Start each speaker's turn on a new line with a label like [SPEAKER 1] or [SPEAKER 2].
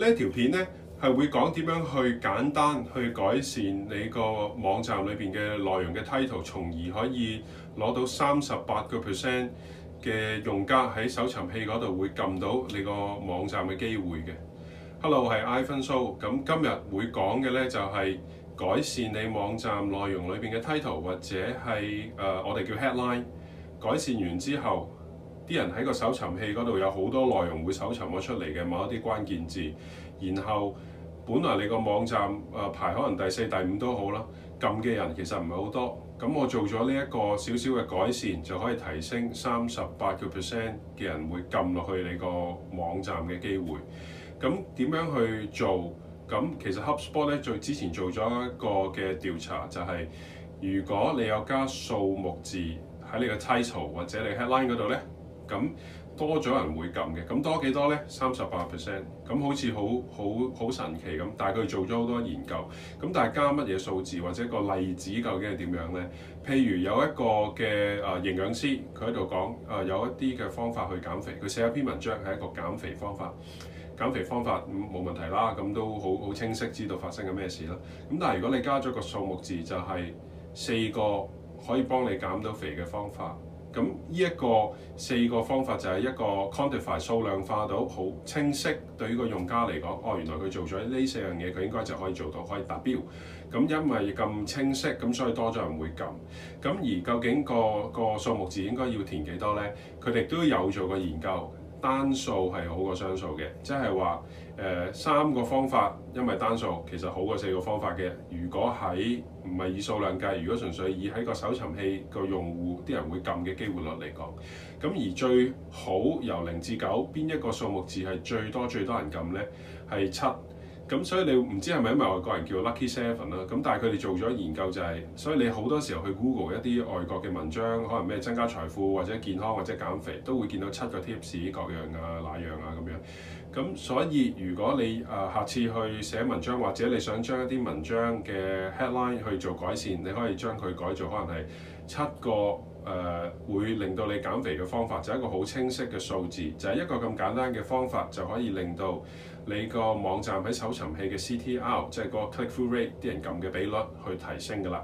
[SPEAKER 1] 呢一條片呢，係會講點樣去簡單去改善你個網站裏邊嘅內容嘅 Title，從而可以攞到三十八個 percent 嘅用家喺搜尋器嗰度會撳到你個網站嘅機會嘅。Hello，我係 Ivan So，咁今日會講嘅呢，就係改善你網站內容裏邊嘅 Title，或者係誒、呃、我哋叫 headline。改善完之後，啲人喺個搜尋器嗰度有好多內容會搜尋我出嚟嘅某一啲關鍵字，然後本來你個網站啊排可能第四、第五都好啦，撳嘅人其實唔係好多。咁我做咗呢一個少少嘅改善，就可以提升三十八個 percent 嘅人會撳落去你個網站嘅機會。咁點樣去做？咁其實 HubSpot 咧最之前做咗一個嘅調查，就係，如果你有加數目字喺你嘅 title 或者你 headline 嗰度咧。咁多咗人會撳嘅，咁多幾多咧？三十八 percent，咁好似好好好神奇咁。但係佢做咗好多研究，咁但係加乜嘢數字或者個例子究竟係點樣咧？譬如有一個嘅誒、呃、營養師，佢喺度講誒有一啲嘅方法去減肥，佢寫一篇文章係一個減肥方法，減肥方法冇、嗯、問題啦，咁都好好清晰知道發生緊咩事啦。咁但係如果你加咗個數目字就係、是、四個可以幫你減到肥嘅方法。咁呢一個四個方法就係一個 quantify 數量化到好清晰，對於個用家嚟講，哦，原來佢做咗呢四樣嘢，佢應該就可以做到，可以達標。咁因為咁清晰，咁所以多咗人會撳。咁而究竟個個數目字應該要填幾多咧？佢哋都有做過研究。單數係好過雙數嘅，即係話誒三個方法，因為單數其實好過四個方法嘅。如果喺唔係以數量計，如果純粹以喺個搜尋器個用戶啲人會撳嘅機會率嚟講，咁而最好由零至九邊一個數目字係最多最多人撳呢？係七。咁所以你唔知係咪因為外國人叫 lucky seven 啦，咁但係佢哋做咗研究就係、是，所以你好多時候去 Google 一啲外國嘅文章，可能咩增加財富或者健康或者減肥，都會見到七個 tips 各樣啊那樣啊咁樣。咁所以如果你誒、呃、下次去寫文章或者你想將一啲文章嘅 headline 去做改善，你可以將佢改做可能係七個。誒、uh, 會令到你減肥嘅方法，就係、一個好清晰嘅數字，就係、是、一個咁簡單嘅方法就可以令到你個網站喺搜尋器嘅 CTR，即係個 click through rate 啲人撳嘅比率去提升㗎啦。